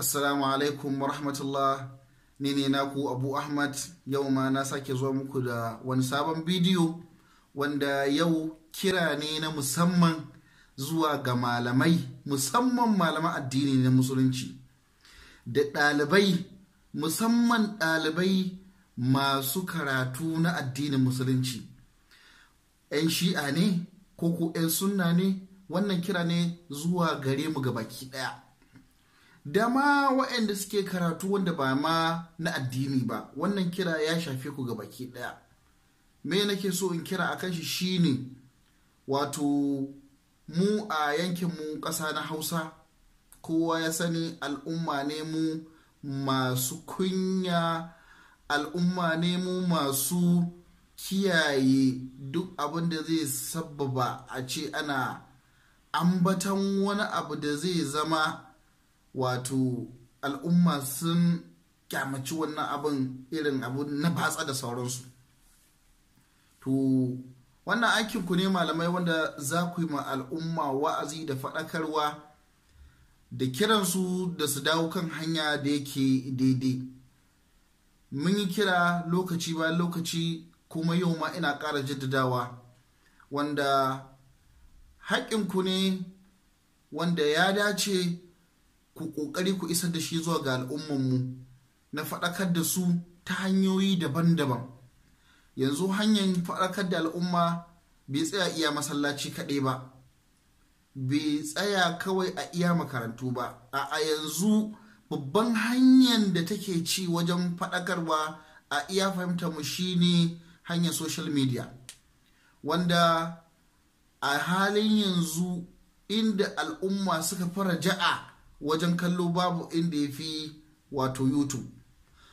assalamu alaikum wa rahmatullah ni ne naku abu ahmad yau ma na sake zuwa muku da wani sabon bidiyo wanda yau kira ne na musamman zuwa ga malamai musamman malaman addini na musulunci da ɗalibai musamman ɗalibai masu karatu na addinin musulunci 'yan shi'a ne ko ko 'yan sunna ne wannan kira ne zuwa gare mu ga baki ɗaya da ma waɗanda suke karatu wanda ba ma na addini ba wannan kira ya shafe ku ga baki ɗaya me nake so in kira a kan shi shine wato mu a yankin mu ƙasa na hausa kowa ya sani al'umma ne mu masu kunya al'umma ne mu masu kiyaye duk abin da zai sababa a ce ana ambatan wani abu da zai zama wato al'umma sun kyamaci wannan abin irin abu na batsa da sauransu to wannan aikin ku ne malamai wanda za ku yi ma al'umma wa'azi da faɗakarwa da kiransu da su dawo kan hanya da yake daidai mun yi kira lokaci bayan lokaci kuma yau ma ina ƙara jaddadawa wanda haƙƙinku ne wanda ya dace ku ƙoƙari ku isar da shi zuwa ga al'ummanmu na faɗakar da su ta hanyoyi daban-daban yanzu hanyar faɗakar da al'umma bai tsaya iya masallaci kaɗai ba bai tsaya kawai a iya makarantu ba a yanzu babban hanyar da take ci wajen faɗakarwa a iya fahimta mu shine hanyar social media wanda a halin yanzu inda al'umma suka fara ja'a wajen kallo babu inda ya fi wato youtube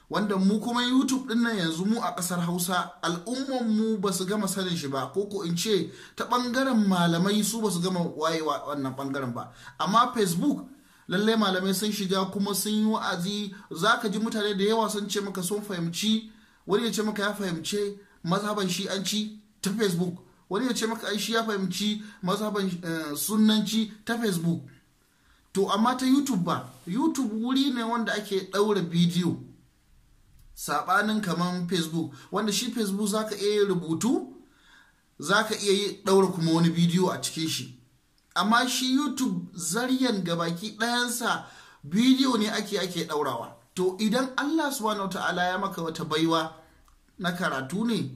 wanda mu kuma youtube din yanzu mu a ƙasar hausa al'umman mu ba su gama sanin shi ba ko ko in ce ta bangaren malamai su ba su gama wayewa wannan bangaren ba amma facebook lallai malamai sun shiga kuma sun yi wa'azi za ka ji mutane da yawa sun ce maka sun fahimci wani ya ce maka ya fahimce mazhaban shi'anci ta facebook wani ya ce maka an shi ya fahimci mazhaban eh, sunanci ta facebook to amma ta youtube ba youtube wuri ne wanda ake ɗaura bidiyo saɓanin kamar facebook wanda shi facebook zaka iya rubutu zaka iya yi ɗaura kuma wani bidiyo a cikin shi amma shi youtube zaryan gabaki ɗayansa bidiyo ne ake ake ɗaurawa to idan allah subhanahu ta'ala ya maka wata baiwa na karatu ne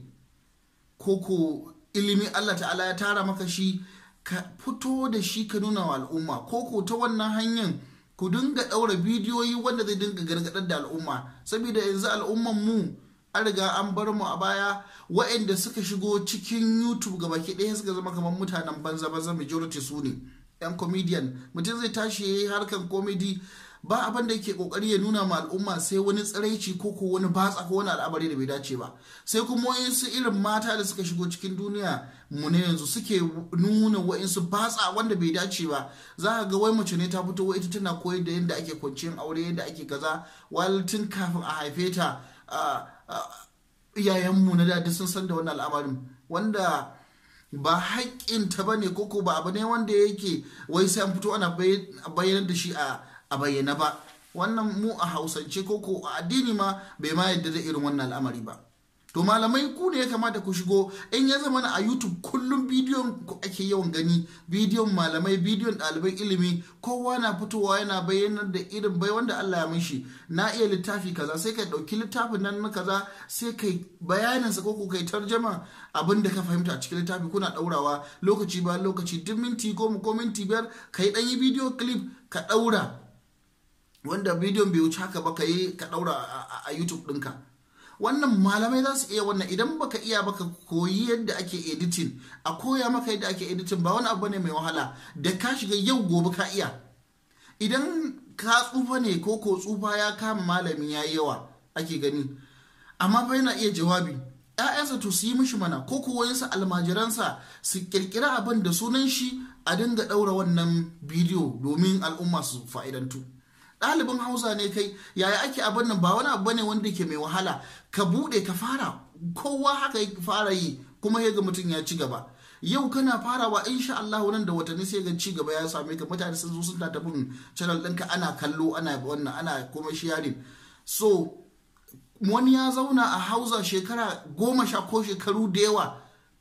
ko ko ilimi allah ta'ala ya tara maka shi ka fito da shi ka nuna wa al'umma ko ko ta wannan hanyar ku dinga ɗaura bidiyoyi wanda zai dinga gargaɗar da al'umma saboda yanzu al'umman mu an riga an bar mu a baya waɗanda suka shigo cikin youtube ga baki ɗaya suka zama kamar mutanen banza banza majority su ne yan comedian mutum zai tashi yayi yi harkar comedy ba abin da yake kokari ya nuna ma al'umma sai wani tsiraici ko ko wani batsa ko wani al'amari da bai dace ba sai kuma su irin mata da suka shigo cikin duniya mu ne yanzu suke nuna wa'insu batsa wanda bai dace ba za ka ga wai mace ne ta fito Wa ita tana koyar da yadda ake kwanciyar aure yadda ake kaza wal tun kafin a haife ta iyayenmu na dadi sun san da wannan al'amarin wanda ba haƙƙin ta bane koko ba abu ne wanda yake wai sai an fito ana bayyanar da shi a bayyana ba wannan mu a hausance ko a addini ma bai ma yadda da irin wannan al'amari ba to malamai ku ne ya kamata ku shigo in ya zama na a youtube kullum bidiyon ku ake yawan gani bidiyon malamai bidiyon ɗaliban ilimi kowa na fitowa yana bayyanar da irin bai wanda allah ya mishi na iya littafi kaza sai ka ɗauki littafin nan na kaza sai kai bayaninsa ko ku kai tarjama abin da ka fahimta a cikin littafi kuna ɗaurawa lokaci ba lokaci duk minti goma ko minti biyar ka yi ɗan yi bidiyo clip ka ɗaura wanda bidiyon bai wuce haka ba ka yi ka ɗaura a youtube ɗinka wannan malamai za su iya wannan idan baka iya baka koyi yadda ake editin a koya maka yadda ake editin ba wani abu ne mai wahala da ka shiga yau gobe ka iya idan ka tsufa ne ko ko tsufa ya kama malami ya yawa ake gani amma ba yana iya jawabi ‘ya'yansa to su yi mishi mana ko kowansa almajiransa su kirkira abin da sunan shi a dinga ɗaura wannan bidiyo domin al'umma su fa'idantu. ɗalibin hausa ne kai yaya ake abin nan ba wani abu bane wanda ke mai wahala ka buɗe ka fara kowa haka ya fara yi kuma ya ga mutum ya ci gaba yau kana farawa insha Allah nan da watanni sai ga ci gaba ya same ka mutane sun zo sun ta bin channel ɗinka ana kallo ana wannan ana kuma sharing so wani ya zauna a hausa shekara goma sha ko shekaru da yawa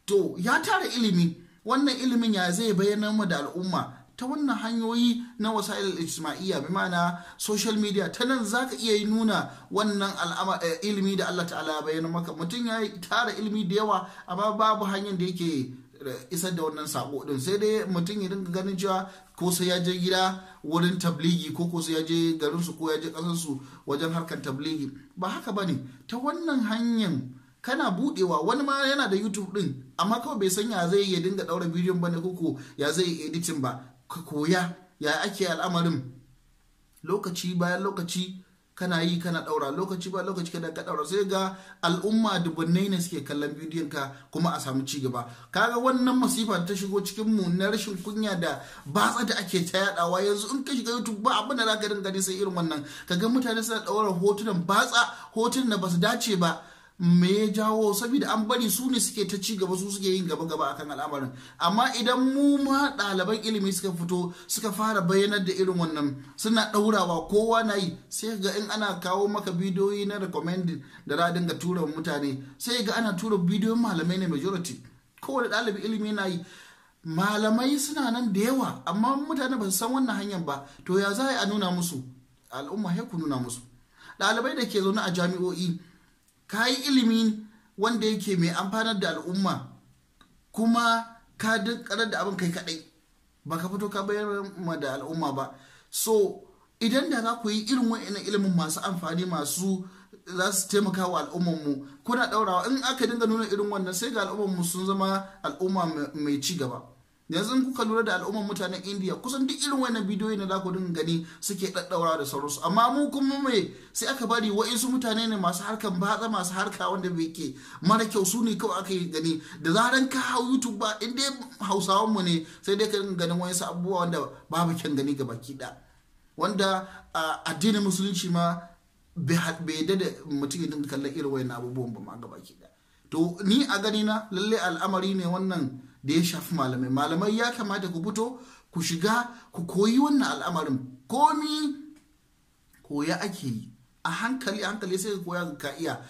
to ya tara ilimi wannan ilimin ya zai bayyana mu da al'umma ta wannan hanyoyi na wasa'il ijtima'iyya bi ma'ana social media ta nan za ka iya nuna wannan eh, ilimi da Allah ta'ala bayyana maka mutum ya tara ilimi da yawa amma babu hanyar da yake eh, isar da wannan sako din sai dai mutum ya dinga ganin cewa ko sai ya je gida wurin tabligi ko ko sai ya je garin ko ya je kasar wajen harkar tabligi ba haka bane ta wannan hanyar kana budewa wani ma yana da youtube din amma kawai bai san ya zai ya dinga daura bidiyon bane ko ko ya zai yi editin ba ka koya ya ake al'amarin lokaci bayan lokaci kana yi kana daura lokaci bayan lokaci kada ka daura sai ga al'umma dubunnai ne suke kallon bidiyon ka kuma a samu ci gaba kaga wannan masifa ta shigo cikin mu na rashin kunya da batsa da ake ta yadawa yanzu in ka shiga YouTube ba abin da zaka dinga sai irin wannan kaga mutane suna daura hotunan batsa hotunan da basu dace ba me ya jawo saboda an bari su ne suke ta ci gaba su suke yin gaba gaba akan al'amarin amma idan mu ma ɗaliban ilimi suka fito suka fara bayyanar da irin wannan suna ɗaurawa kowa na yi sai ga in ana kawo maka bidiyoyi na recommended da radin ga tura mutane sai ga ana tura bidiyon malamai ne majority kowane ɗalibi ilimi na yi malamai suna nan da yawa amma mutane ba su san wannan hanyar ba to ya za a nuna musu al'umma ya ku nuna musu ɗalibai da ke zaune a jami'o'i ka yi ilimi wanda yake mai amfanar da al'umma kuma ka dinkarar da abin kai kadai ba ka fito ka bayar ma da al'umma ba so idan da za ku yi irin wa'annan ilimin masu amfani masu za su taimaka wa al'ummanmu kuna ɗaurawa in aka dinga nuna irin wannan sai ga al'ummanmu sun zama al'umma mai ci gaba yanzu kuka lura da al'ummar mutanen indiya kusan duk irin wannan bidiyoyi na ku dinga gani suke daddaura da sauransu amma mu kuma me sai aka bari wa'insu mutane ne masu harkan batsa masu harka wanda bai ke mara kyau su ne kawai aka yi gani da zaran ka hau youtube ba in dai hausawan mu ne sai dai ka dinga ganin wa'insu abubuwa wanda babu kyan gani ga baki da wanda addinin musulunci ma bai yadda da mutum ya dinga kallon irin wani abubuwan ba ma ga baki da to ni a gani na lallai al'amari ne wannan da ya shafi malamai malamai ya kamata ku fito ku shiga ku koyi wannan al'amarin komi koya ake yi a hankali hankali sai ka koya ka iya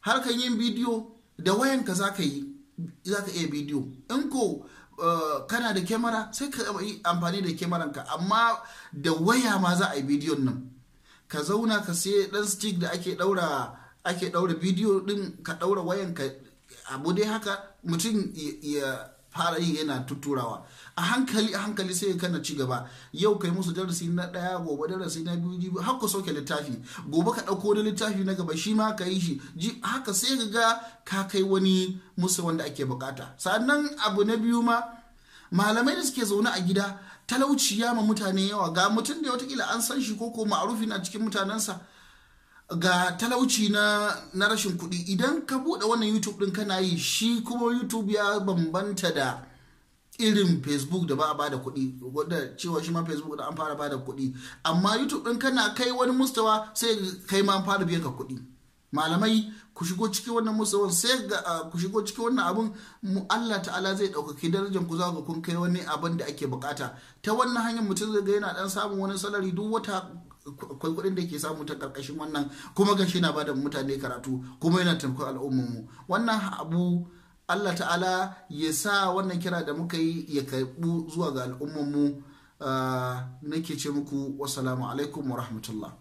harkan yin bidiyo da wayanka za ka yi zaka iya bidiyo in ko eh, kana da kyamara sai ka yi amfani da kyamaran ka amma da waya ma za a yi bidiyon nan ka zauna ka sai dan stick da ake daura ake daura bidiyo din ka daura wayan ka abu dai haka mutum ya fara yi yana tuturawa a hankali a hankali sai kana ci gaba yau kai musu darasi na daya gobe darasi na biyu jibi haka soke littafi gobe ka dauko wani littafi na gaba shi ma ka yi shi haka sai ka ga ka kai wani musu wanda ake bukata sannan abu na biyu ma malamai da suke zaune a gida talauci ya ma mutane yawa ga mutum da watakila an san shi ko ko ma'arufi na cikin mutanensa ga talauci na na rashin kuɗi idan ka buɗe wannan youtube ɗin kana yi shi kuma youtube ya bambanta da irin facebook da ba a bada kuɗi wadda cewa shi ma facebook da an fara bada kuɗi amma youtube ɗin kana kai wani mustawa sai kai ma an fara biyan ka kuɗi malamai ku shigo cikin wannan mustawan sai ga ku shigo cikin wannan abun Allah ta'ala zai ɗaukaki darajar ku za ga kun kai wani abin da ake bukata ta wannan hanyar mutum zai ga yana dan samun wani salari duk wata akwai kuɗin da ke samu ta karkashin wannan kuma gashi na da mutane karatu kuma yana taimakon mu. wannan abu Allah ta'ala ya sa wannan kira da muka yi ya karɓu zuwa ga al'ummarmu ah, nake ce muku wasu alaikum wa rahmatullah